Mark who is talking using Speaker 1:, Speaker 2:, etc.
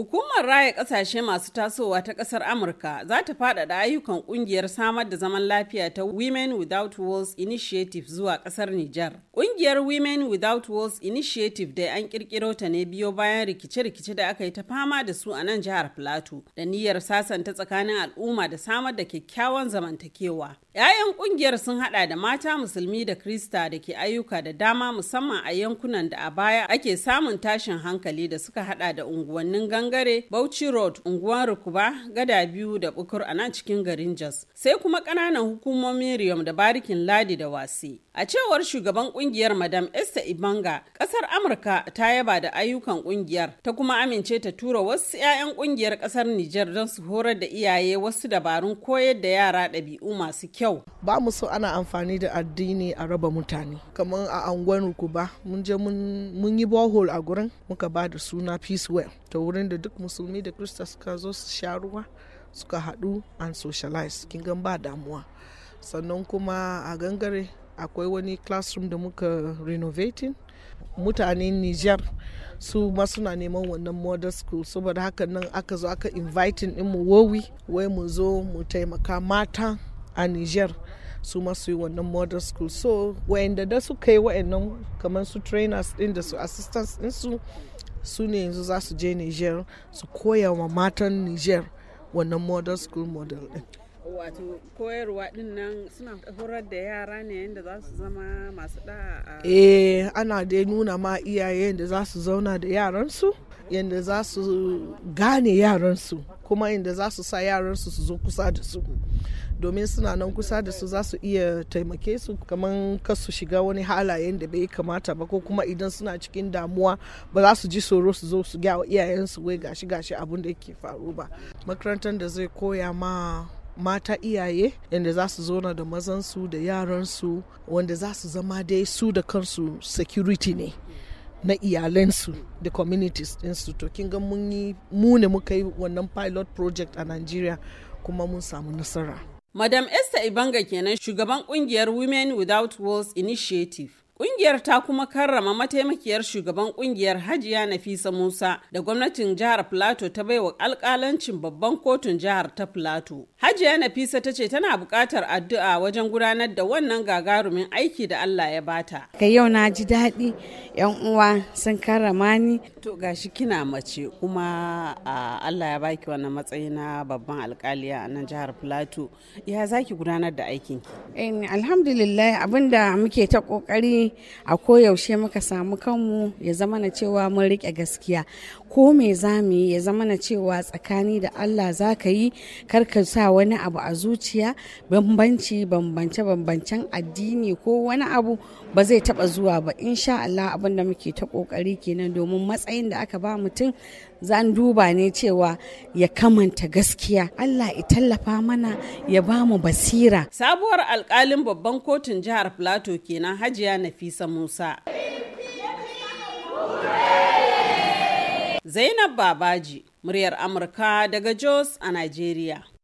Speaker 1: Hukumar Raya Ƙasashe Masu Tasowa ta ƙasar Amurka za ta faɗaɗa ayyukan ƙungiyar samar da zaman lafiya ta Women Without Walls Initiative zuwa ƙasar Nijar. Ƙungiyar Women Without Walls Initiative dai an ƙirƙiro ta ne biyo bayan rikice-rikice da aka yi ta fama da su a nan jihar Plateau da niyyar sasanta tsakanin al'umma da samar da kyakkyawan zamantakewa. 'Ya'yan ƙungiyar sun haɗa da mata musulmi da Krista da ke ayyuka da dama musamman a yankunan da a baya ake samun tashin hankali da suka haɗa da unguwannin ganga bangare Bauchi Road, unguwar Rukuba, gada biyu da bukur a nan cikin garin Jos. Sai kuma ƙananan hukumomin Riyom da Barikin Ladi da Wasi. A cewar shugaban kungiyar Madam Esther Ibanga, ƙasar Amurka ta yaba da ayyukan kungiyar, ta kuma amince ta tura wasu 'ya'yan kungiyar ƙasar Nijar don su horar da iyaye wasu dabarun koyar da yara ɗabi'u
Speaker 2: masu kyau. Ba mu so ana amfani da addini a raba mutane. Kamar a anguwan Rukuba, mun je mun yi bohol a gurin muka ba da suna Peace Well, ta wurin da duk musulmi da krista suka zo su sha ruwa suka haɗu an socialize kin gan ba damuwa sannan kuma a gangare akwai wani classroom da muka renovating mutanen niger su ma suna neman wannan model school saboda haka nan aka zo aka inviting din mu wowi wai mu zo mu taimaka mata a niger su ma su yi wannan model school so wayanda da su yi wayannan kamar su trainers din da su assistants din su su ne yanzu za su je niger su koya wa matan niger wannan model school model din
Speaker 1: wato koyarwa din nan suna horar da yara ne yadda za su zama masu da'a
Speaker 2: eh ana dai nuna ma iyaye da za su zauna da yaransu yadda za su gane yaransu kuma inda za su sa yaransu su zo kusa da su domin suna nan kusa da su za su iya taimake su kamar ka su shiga wani halayen da bai kamata ba ko kuma idan suna cikin damuwa ba za su ji tsoro su zo su gya iyayensu wai gashi gashi abin da yake faru ba makarantar da zai koya ma mata iyaye yadda za su zauna da mazansu da yaransu wanda za su zama dai su da kansu security ne na iyalansu da communities ɗinsu to kin ga mun yi mu ne muka yi wannan pilot project a Nigeria kuma mun samu nasara.
Speaker 1: Madam Esther Ibanga kenan shugaban kungiyar Women Without Walls Initiative. Ƙungiyar ta kuma karrama mataimakiyar shugaban ƙungiyar Hajiya Nafisa Musa da gwamnatin jihar Filato ta baiwa alkalancin babban kotun jihar ta Filato. Hajiya Nafisa ta ce tana buƙatar addu'a wajen gudanar da wannan gagarumin aiki da Allah ya bata.
Speaker 3: Ka yau na ji daɗi yan uwa sun karrama ni.
Speaker 1: To gashi kina mace kuma Allah ya baki wannan matsayi na babban alƙali a nan jihar Filato. Ya zaki gudanar da aikin ki?
Speaker 3: Eh, alhamdulillah abinda muke ta ƙoƙari a koyaushe muka samu kanmu ya zama na cewa mun riƙe gaskiya ko me za mu yi ya zama na cewa tsakani da allah za ka yi karka sa wani abu a zuciya bambanci bambance bambancen addini ko wani abu ba zai taɓa zuwa ba insha allah abin da muke ta ƙoƙari kenan domin matsayin da aka ba mutum zan duba ne cewa ya kamanta gaskiya Allah ya tallafa mana ya ba mu basira
Speaker 1: sabuwar alkalin babban kotun jihar plateau kenan hajiya na Nafisa Musa. Zainab Babaji, muryar Amurka daga Jos a Najeriya.